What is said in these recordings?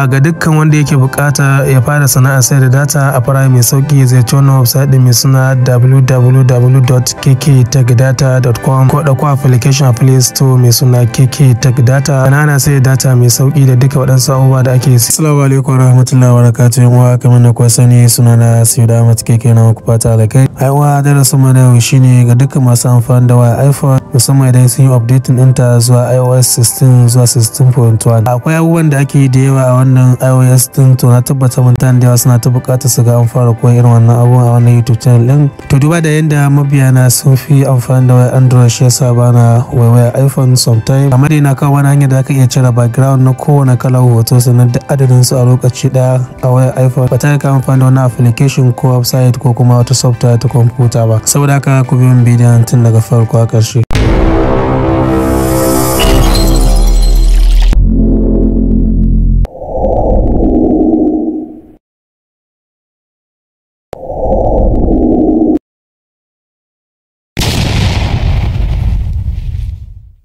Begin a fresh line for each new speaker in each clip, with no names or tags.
a ga dukkan wanda yake bukata ya fara sana'a sayar da data a fara mai sauki zai tona website din mai suna www.kktechdata.com ko dauko application play store mai suna kk tech data ana sayar data mai sauki da duka waɗansu abubuwa da ake si. Assalamu alaikum warahmatullahi wabarakatuh yan uwa kamar na kuwa sani suna na da Ahmad keke na muku fata alakai. Ai uwa darasin mu yau shine ga dukkan masu amfani da waya iPhone musamman idan sun yi updating ɗinta zuwa iOS 16 zuwa 16.1. Akwai abubuwan da ake yi da yawa a wannan ios din to na tabbata mutane da yawa suna ta bukata su ga an fara koyon irin wannan abun a wannan youtube channel din to duba da mabiya mabiyana sun fi amfani da wayar android shi yasa bana wayar iphone sometime amma dai na kawo wani hanya da aka iya cire background na kowane kalar hoto sannan duk adadin su a lokaci daya a wayar iphone ba ta ka amfani da wani application ko website ko kuma wata software ta computer ba saboda haka ku biyo bidiyon tun daga farko a ƙarshe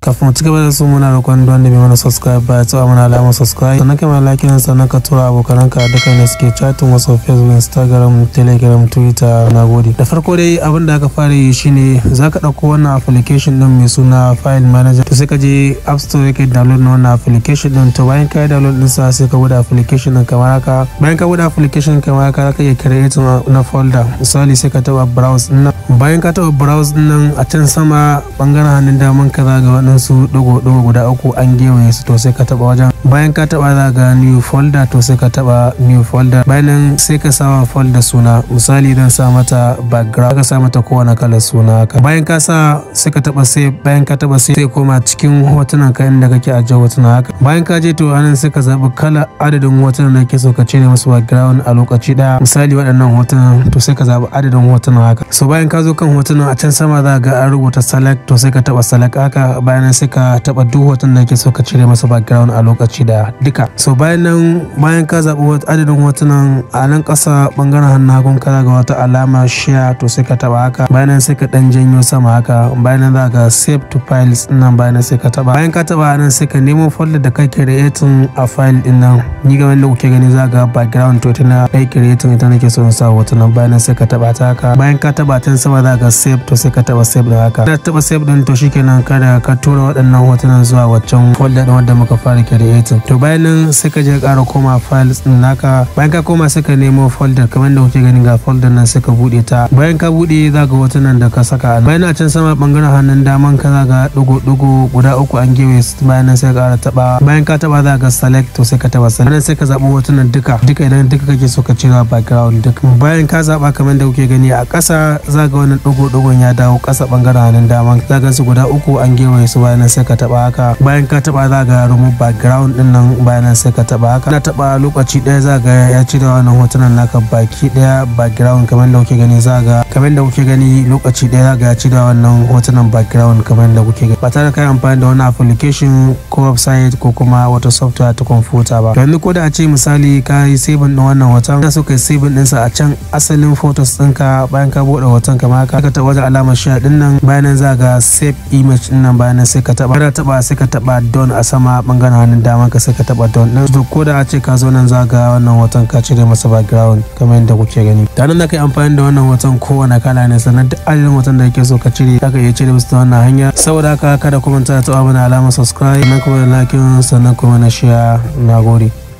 kafin mu ci gaba da su muna roƙon don da bai mana subscribe ba ya tsawa mana alamar subscribe sannan kai mai like sannan ka tura abokananka a dukkan da suke chatin wasu facebook instagram telegram twitter na gode da farko dai abin da aka fara yi shine za ka ɗauko wannan application din mai suna file manager to sai ka je app store yake download na wannan application din to bayan ka yi download din sa sai ka buɗe application din kamar haka bayan ka buɗe application kamar haka za ka iya create na folder misali sai ka taɓa browse din nan bayan ka taɓa browse din nan a can sama bangaren hannun daman ka za ga wannan waɗannan su dogo dogo guda uku an gewaye su to sai ka taɓa wajen bayan ka taɓa za ga new folder to sai ka taɓa new folder bayan nan sai ka sa folder suna misali zan sa mata background ka sa mata kowane kalar suna haka bayan ka sa sai ka taɓa sai bayan ka taɓa sai koma cikin hotunan ka inda kake ajiye hotuna haka bayan ka je to anan sai ka zaɓi kala adadin hotunan da kake so ka cire musu background a lokaci ɗaya misali waɗannan hotunan to sai ka zaɓi adadin hotunan haka so bayan ka zo kan hotunan a can sama za ga an rubuta select to sai ka taɓa select haka bayan rana sai ka taba duk hoton da ke so ka cire masa background a lokaci da duka so bayan nan bayan ka zaɓi adadin hotunan a nan ƙasa bangaren hannun hagun ka ga wata alama share to sai ka taba haka bayan nan sai ka dan janyo sama haka bayan nan za ka save to files nan bayan nan sai ka taba bayan ka taba nan sai ka nemo folder da kai creating a file din nan ni ga wanda kuke gani za ga background to ita na kai creating ita nake so in sa hotunan bayan nan sai ka taba ta haka bayan ka taba tan sama za ka save to sai ka taba save da haka da taba save din to shikenan kada ka to tura waɗannan hotunan zuwa waccan folder ɗin wanda muka fara creating to bayan nan sai ka je ƙara koma files ɗin naka bayan ka koma sai ka nemo folder kamar da kuke gani ga folder nan sai ka buɗe ta bayan ka buɗe za ka hotunan da ka saka a bayan a can sama ɓangaren hannun daman ka za ga ɗugu-ɗugu guda uku an gewe bayan nan sai ka ƙara taɓa bayan ka taɓa za ka select to sai ka taɓa select sai ka zaɓi hotunan duka duka idan duka kake so ka cire background duk bayan ka zaɓa kamar da kuke gani a ƙasa za ga wannan ɗugu-ɗugun ya dawo ƙasa ɓangaren hannun daman za ka su guda uku an gewaye su bayan sai ka taba haka bayan ka taba za ga remove background din nan bayan sai ka taba haka na taba lokaci daya za ga ya ci da wannan hotunan naka baki daya background kamar da kuke gani za ga kamar da kuke gani lokaci daya za ga ya ci da wannan hotunan background kamar da kuke gani ba tare kai amfani da wani application ko website ko kuma wata software ta computer ba yanzu ko da a ce misali ka yi saving din wannan hoton ka so ka yi saving a can asalin photos ɗinka bayan ka bude hoton kamar haka ka taɓa wajen alamar sha ɗin nan bayan za ga save image din nan bayan sai ka taba kana taba sai ka taba don a sama bangaren hannun dama ka sai ka taba don din duk ko da a ce ka zo nan za ga wannan hoton ka cire masa background kamar yadda kuke gani da nan kai amfani da wannan hoton kowane kala ne sannan duk adadin hoton da kake so ka cire ka iya cire musu ta wannan hanya saboda haka kada ku manta ta taba mana alamar subscribe sannan kuma da like sannan kuma na share nagode